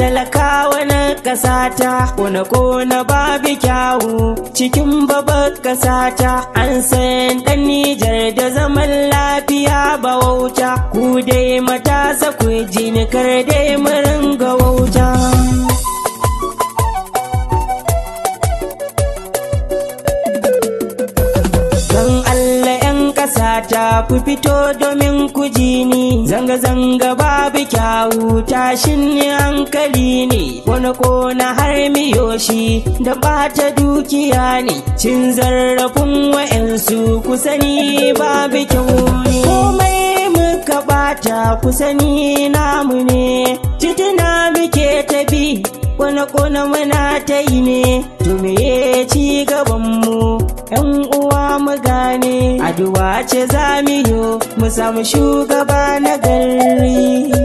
talakawa na kasata kona kona babu kyawu cikin babbar kasata an san dan Nijar da zaman lafiya ba wauta ku dai matasa ku Kar dai mu ringa wauta. mata ku fito domin ku ji ni zanga-zanga babu kyawu tashin hankali ne kona kona har da bata dukiya ne cin zarrafin wa'yansu ku sani babu kyau ne komai muka bata ku sani namu ne tituna muke tafi kona kona mana ta yi ne to me ci gabanmu 'yan gane addu'a ce za mu mu samu shugaba na gari